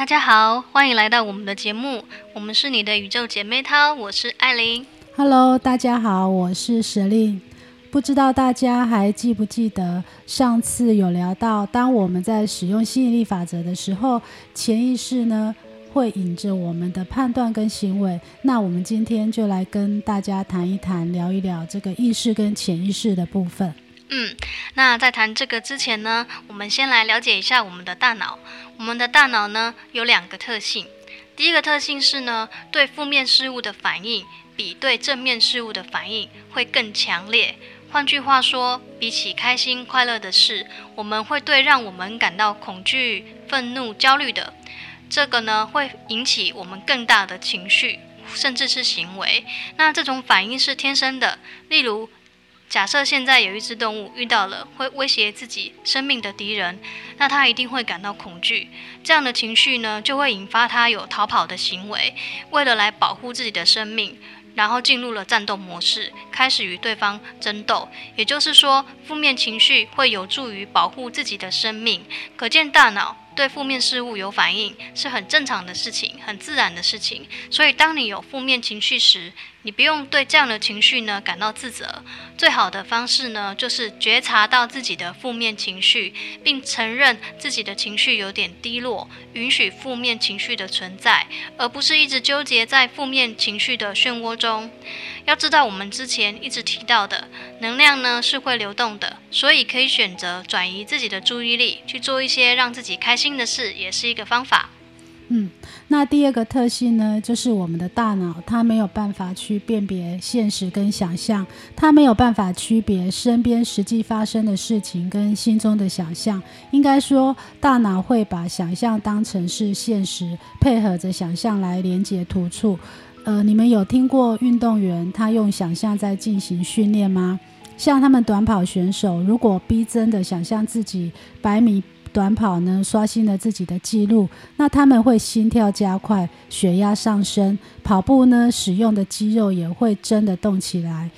大家好，歡迎來到我們的節目。我們是你的宇宙姐妹淘，我是艾琳。Hello，大家好，我是舍令。不知道大家還記不記得上次有聊到，當我們在使用吸引力法則的時候，潛意識呢會引着我們的判斷跟行為。那我們今天就來跟大家談一談，聊一聊這個意識跟潛意識的部分。嗯，那在談這個之前呢，我們先來了解一下我們的大腦。我們的大腦呢，有兩個特性，第一個特性是呢，對負面事物的反應比對正面事物的反應會更強烈。換句話說，比起開心快樂的事，我們會對讓我們感到恐懼、憤怒、焦慮的這個呢，會引起我們更大的情緒，甚至是行為。那這種反應是天生的，例如，假設現在有一隻動物遇到了會威脅自己生命的敵人，那它一定會感到恐懼。這樣的情緒呢，就會引發它有逃跑的行為，為了來保護自己的生命，然後進入了戰鬥模式，開始與對方爭鬥。也就是說，負面情緒會有助於保護自己的生命。可見大腦對負面事物有反應是很正常的事情，很自然的事情。所以當你有負面情緒時，你不用對這樣的情緒呢感到自責，最好的方式呢就是覺察到自己的負面情緒，並承認自己的情緒有點低落，允許負面情緒的存在，而不是一直糾結在負面情緒的漩渦中。要知道，我們之前一直提到的能量呢是會流動的，所以可以選擇轉移自己的注意力，去做一些讓自己開心的事，也是一個方法。嗯，那第二個特性呢，就是我們的大腦它沒有辦法去辨別現實跟想象，它沒有辦法區別身邊實際發生的事情跟心中的想象。應該說，大腦會把想象當成是現實，配合着想象來連接突觸。呃，你們有聽過運動員他用想象在進行訓練嗎？像他們短跑選手，如果逼真的想象自己百米。短跑呢，刷新了自己的記錄。那他們會心跳加快，血壓上升，跑步呢使用的肌肉也會真的動起來。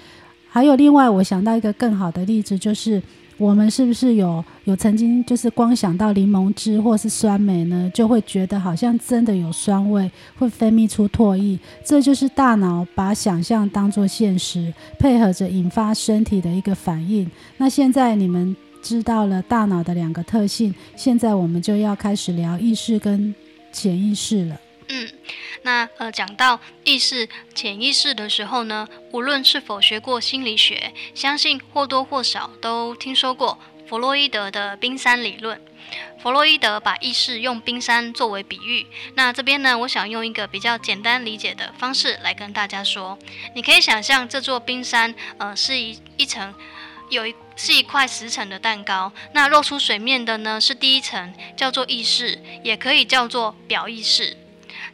還有另外，我想到一個更好的例子，就是我們是不是有有曾經就是光想到檸檬汁或是酸梅呢，就會覺得好像真的有酸味，會分泌出唾液。這就是大腦把想象當作現實，配合着引發身體的一個反應。那現在你們。知道了大腦的兩個特性，現在我們就要開始聊意識跟潛意識了。嗯，那呃講到意識、潛意識的時候呢，無論是否學過心理學，相信或多或少都聽說過弗洛伊德的冰山理論。弗洛伊德把意識用冰山作為比喻。那這邊呢，我想用一個比較簡單理解的方式來跟大家說，你可以想象這座冰山，呃是一一層。有一是一塊十層的蛋糕，那露出水面的呢是第一層，叫做意識，也可以叫做表意識。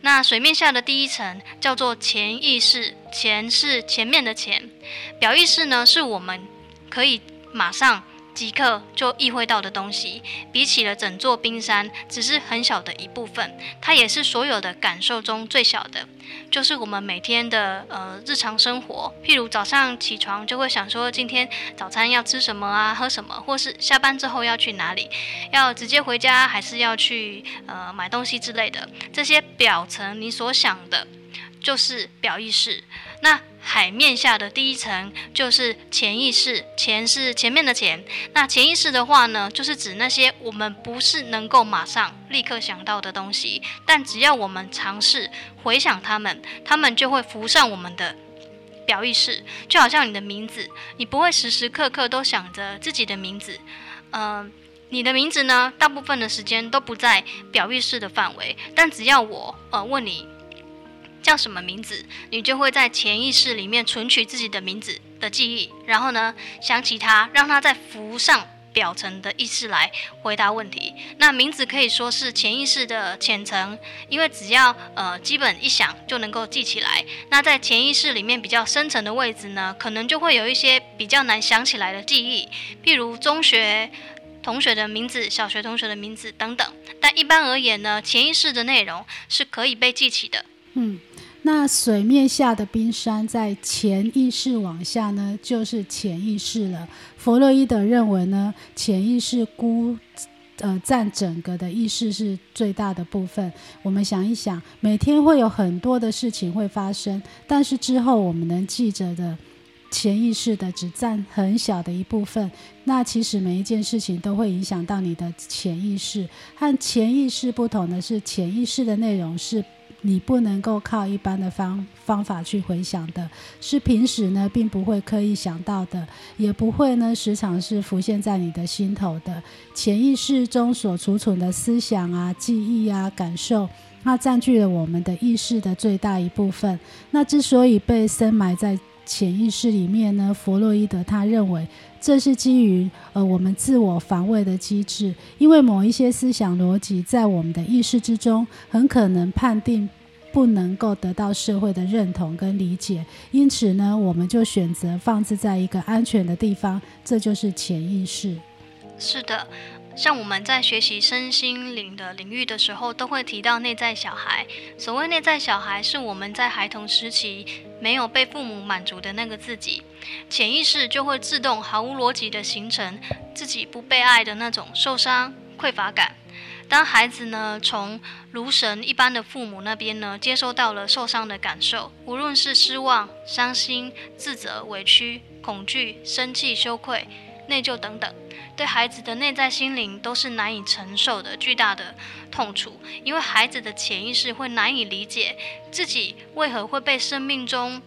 那水面下的第一層叫做潛意識，潛是前面的潛。表意識呢是我們可以馬上，即刻就意會到的東西，比起了整座冰山，只是很小的一部分。它也是所有的感受中最小的，就是我們每天的呃日常生活。譬如早上起床就會想說，今天早餐要吃什麼啊？喝什麼？或是下班之後要去哪裡？要直接回家，還是要去呃買東西之類的。這些表層你所想的，就是表意識。那海面下的第一層就是潛意識，潛是前面的潛。那潛意識的話呢，就是指那些我們不是能夠馬上立刻想到的東西，但只要我們嘗試回想它們，它們就會浮上我們的表意識。就好像你的名字，你不會時時刻刻都想着自己的名字，嗯、呃，你的名字呢，大部分的時間都不在表意識的範圍，但只要我呃問你叫什麼名字，你就會在潛意識裡面存取自己的名字的記憶，然後呢，想起它，讓它再浮上表層的意識來回答問題。那名字可以說是潛意識的淺層，因為只要呃基本一想就能夠記起來。那在潛意識裡面比較深層的位置呢，可能就會有一些比較難想起來的記憶，譬如中學同學的名字、小學同學的名字等等。但一般而言呢，潛意識的內容是可以被記起的。嗯，那水面下的冰山在前意識往下呢，就是潛意識了。弗洛伊德認為呢，潛意識孤呃占整個的意識是最大的部分。我們想一想，每天會有很多的事情會發生，但是之後我們能記着的潛意識的只占很小的一部分。那其實每一件事情都會影響到你的潛意識。和潛意識不同的是，潛意識的內容是。你不能夠靠一般的方方法去回想的。是平時呢並不會刻意想到的，也不會呢時常是浮現在你的心頭的。潛意識中所儲存的思想啊、記憶啊、感受，那占據了我們的意識的最大一部分。那之所以被深埋在潛意識裡面呢，弗洛伊德他認為這是基於呃我們自我防衛的機制，因為某一些思想邏輯在我們的意識之中，很可能判定不能夠得到社會的認同跟理解，因此呢，我們就選擇放置在一個安全的地方，這就是潛意識。是的。像我們在學習身心靈的領域的時候，都會提到內在小孩。所謂內在小孩，是我們在孩童時期沒有被父母滿足的那個自己，潛意識就會自動毫無邏輯地形成自己不被愛的那種受傷匱乏感。當孩子呢從如神一般的父母那邊呢接收到了受傷的感受，無論是失望、傷心、自責、委屈、恐懼、生氣、羞愧、內疚等等，對孩子的內在心靈都是難以承受的巨大的痛楚，因為孩子的潛意識會難以理解自己為何會被生命中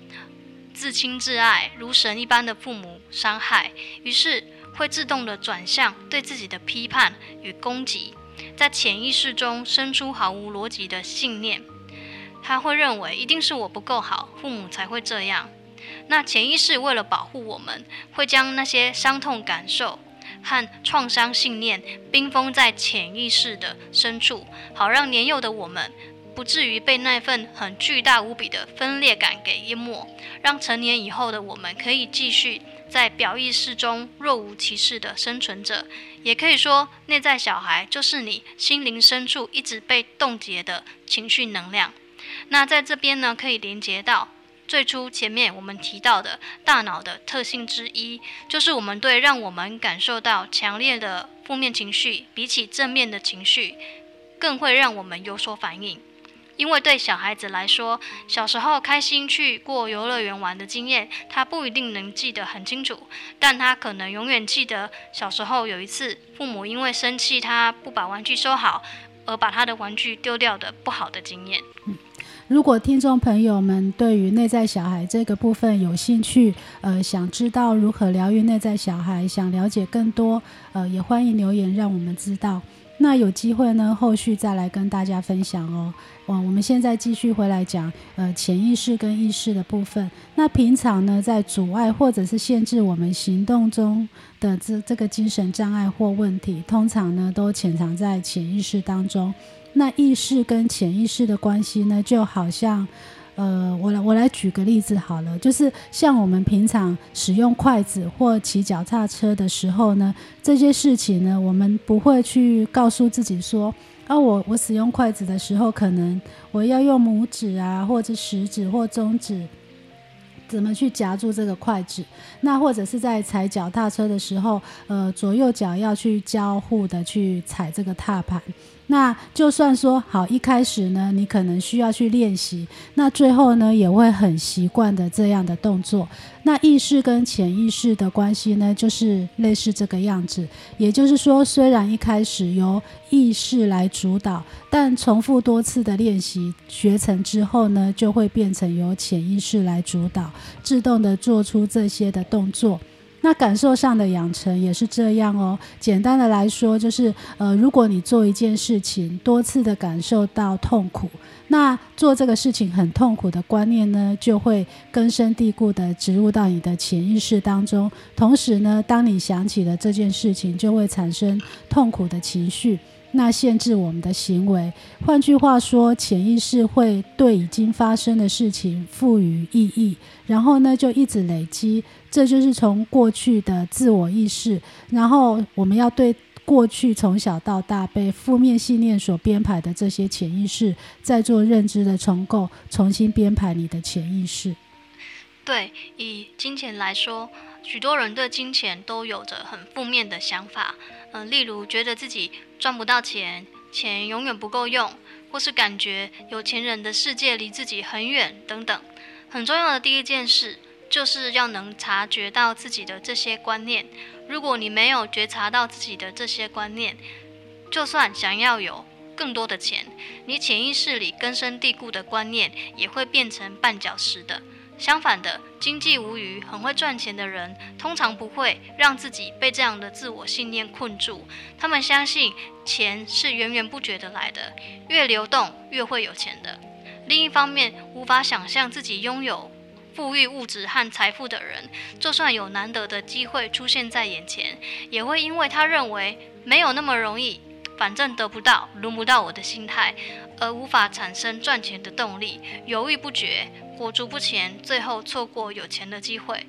至親至愛如神一般的父母傷害，於是會自動的轉向對自己的批判與攻擊，在潛意識中生出毫無邏輯的信念，他會認為一定是我不夠好，父母才會這樣。那潛意識為了保護我們，會將那些傷痛感受和創傷信念冰封在潛意識的深處，好讓年幼的我們不至於被那份很巨大無比的分裂感給淹沒，讓成年以後的我們可以繼續在表意識中若無其事的生存着。也可以說，內在小孩就是你心靈深處一直被凍結的情緒能量。那在這邊呢，可以連接到。最初前面我們提到的大腦的特性之一，就是我們對讓我們感受到強烈的負面情緒，比起正面的情緒，更會讓我們有所反應。因為對小孩子來說，小時候開心去過遊樂園玩的經驗，他不一定能記得很清楚，但他可能永遠記得小時候有一次，父母因為生氣他不把玩具收好，而把他的玩具丟掉的不好的經驗。嗯如果聽眾朋友們對於內在小孩這個部分有興趣，呃，想知道如何療癒內在小孩，想了解更多，呃，也歡迎留言讓我們知道。那有機會呢，後續再來跟大家分享哦。哇，我們現在繼續回來講，呃，潛意識跟意識的部分。那平常呢，在阻礙或者是限制我們行動中的這這個精神障礙或問題，通常呢，都潛藏在潛意識當中。那意識跟潛意識的關係呢，就好像，呃，我來我來舉個例子好了，就是像我們平常使用筷子或騎腳踏車的時候呢，這些事情呢，我們不會去告訴自己說，啊，我我使用筷子的時候，可能我要用拇指啊，或者食指或中指，怎麼去夾住這個筷子，那或者是在踩腳踏車的時候，呃，左右腳要去交互的去踩這個踏板。那就算說好一開始呢，你可能需要去練習，那最後呢也會很習慣的這樣的動作。那意識跟潛意識的關係呢，就是類似這個樣子。也就是說，雖然一開始由意識來主導，但重複多次的練習學成之後呢，就會變成由潛意識來主導，自動的做出這些的動作。那感受上的養成也是這樣哦。簡單的來說，就是呃，如果你做一件事情，多次的感受到痛苦，那做這個事情很痛苦的觀念呢，就會根深蒂固的植入到你的潛意識當中。同時呢，當你想起了這件事情，就會產生痛苦的情緒。那限制我們的行為。換句話說，潛意識會對已經發生的事情賦予意義，然後呢，就一直累積。這就是從過去的自我意識。然後我們要對過去從小到大被負面信念所編排的這些潛意識，再做認知的重構，重新編排你的潛意識。對，以金錢來說。許多人對金錢都有着很負面的想法，嗯、呃，例如覺得自己賺不到錢，錢永遠不夠用，或是感覺有錢人的世界離自己很遠等等。很重要的第一件事，就是要能察覺到自己的這些觀念。如果你沒有覺察到自己的這些觀念，就算想要有更多的錢，你潛意識裡根深蒂固的觀念也會變成絆腳石的。相反的，經濟無虞、很會賺錢的人，通常不會讓自己被這樣的自我信念困住。他們相信錢是源源不絕的來的，越流動越會有錢的。另一方面，無法想象自己擁有富裕物質和財富的人，就算有難得的機會出現在眼前，也會因為他認為沒有那麼容易，反正得不到，輪不到我的心態，而無法產生賺錢的動力，猶豫不決。裹足不前，最後錯過有錢的機會。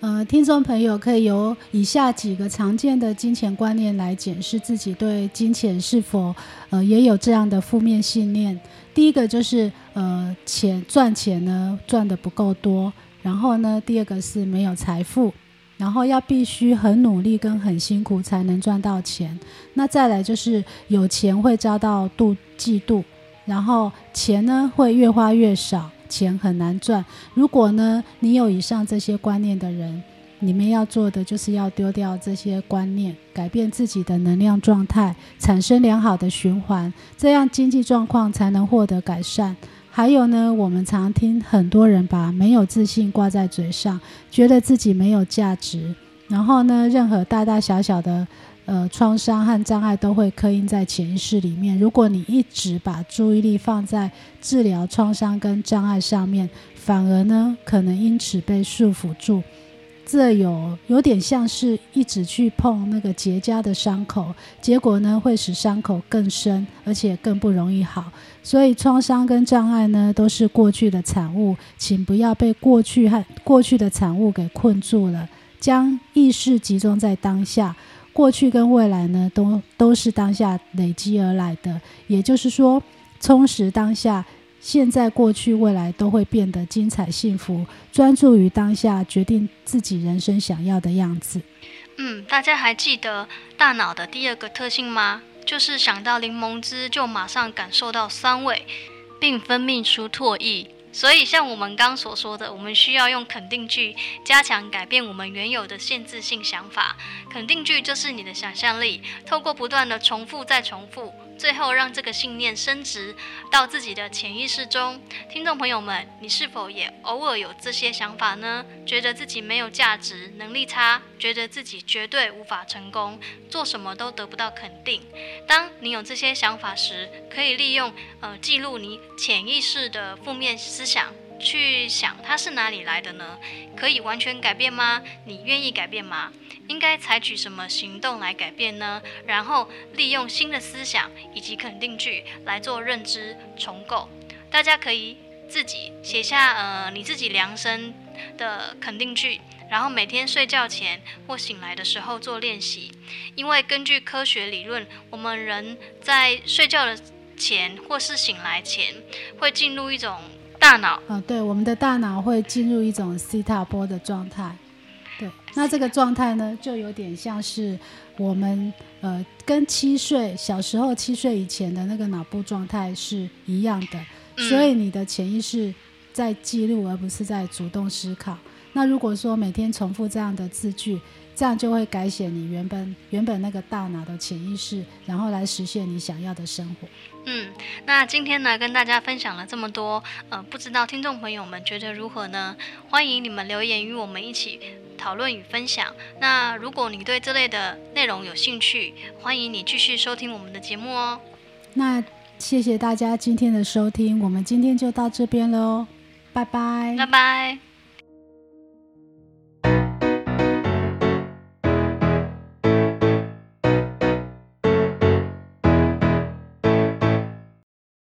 呃，聽眾朋友可以由以下幾個常見的金錢觀念來檢視自己對金錢是否呃也有這樣的負面信念。第一個就是呃錢賺錢呢賺得不夠多，然後呢第二個是沒有財富，然後要必須很努力跟很辛苦才能賺到錢。那再來就是有錢會遭到妒忌妒，然後錢呢會越花越少。錢很難賺。如果呢，你有以上這些觀念的人，你們要做的就是要丟掉這些觀念，改變自己的能量狀態，產生良好的循環，這樣經濟狀況才能獲得改善。還有呢，我們常聽很多人把沒有自信掛在嘴上，覺得自己沒有價值，然後呢，任何大大小小的。呃，創傷和障礙都會刻印在潛意識裡面。如果你一直把注意力放在治療創傷跟障礙上面，反而呢，可能因此被束縛住。這有有點像是一直去碰那個結痂的傷口，結果呢，會使傷口更深，而且更不容易好。所以，創傷跟障礙呢，都是過去的產物，請不要被過去和過去的產物給困住了。將意識集中在當下。過去跟未來呢，都都是當下累積而來的。也就是說，充實當下，現在、過去、未來都會變得精彩、幸福。專注於當下，決定自己人生想要的樣子。嗯，大家還記得大腦的第二個特性嗎？就是想到檸檬汁，就馬上感受到酸味，並分泌出唾液。所以，像我們剛剛所說的，我們需要用肯定句加強、改變我們原有的限制性想法。肯定句就是你的想象力，透過不斷的重複再重複。最後，讓這個信念深植到自己的潛意識中。聽眾朋友們，你是否也偶爾有這些想法呢？覺得自己沒有價值，能力差，覺得自己絕對無法成功，做什麼都得不到肯定。當你有這些想法時，可以利用呃記錄你潛意識的負面思想，去想它是哪裡來的呢？可以完全改變嗎？你願意改變嗎？應該採取什麼行動來改變呢？然後利用新的思想以及肯定句來做認知重構。大家可以自己寫下呃你自己量身的肯定句，然後每天睡覺前或醒來的時候做練習。因為根據科學理論，我們人在睡覺的前或是醒來前會進入一種大腦，嗯，對，我們的大腦會進入一種西塔波的狀態。對，那這個狀態呢，就有點像是我們呃跟七歲小時候七歲以前的那個腦部狀態是一樣的，嗯，所以你的潛意識在記錄，而不是在主動思考。那如果說每天重複這樣的字句，這樣就會改寫你原本、原本那個大腦的潛意識，然後來實現你想要的生活。嗯，那今天呢，跟大家分享了這麼多，呃，不知道聽眾朋友們覺得如何呢？歡迎你們留言與我們一起。討論與分享。那如果你對這類的內容有興趣，歡迎你繼續收聽我們的節目哦。那謝謝大家今天的收聽，我們今天就到這邊嘍，拜拜，拜拜。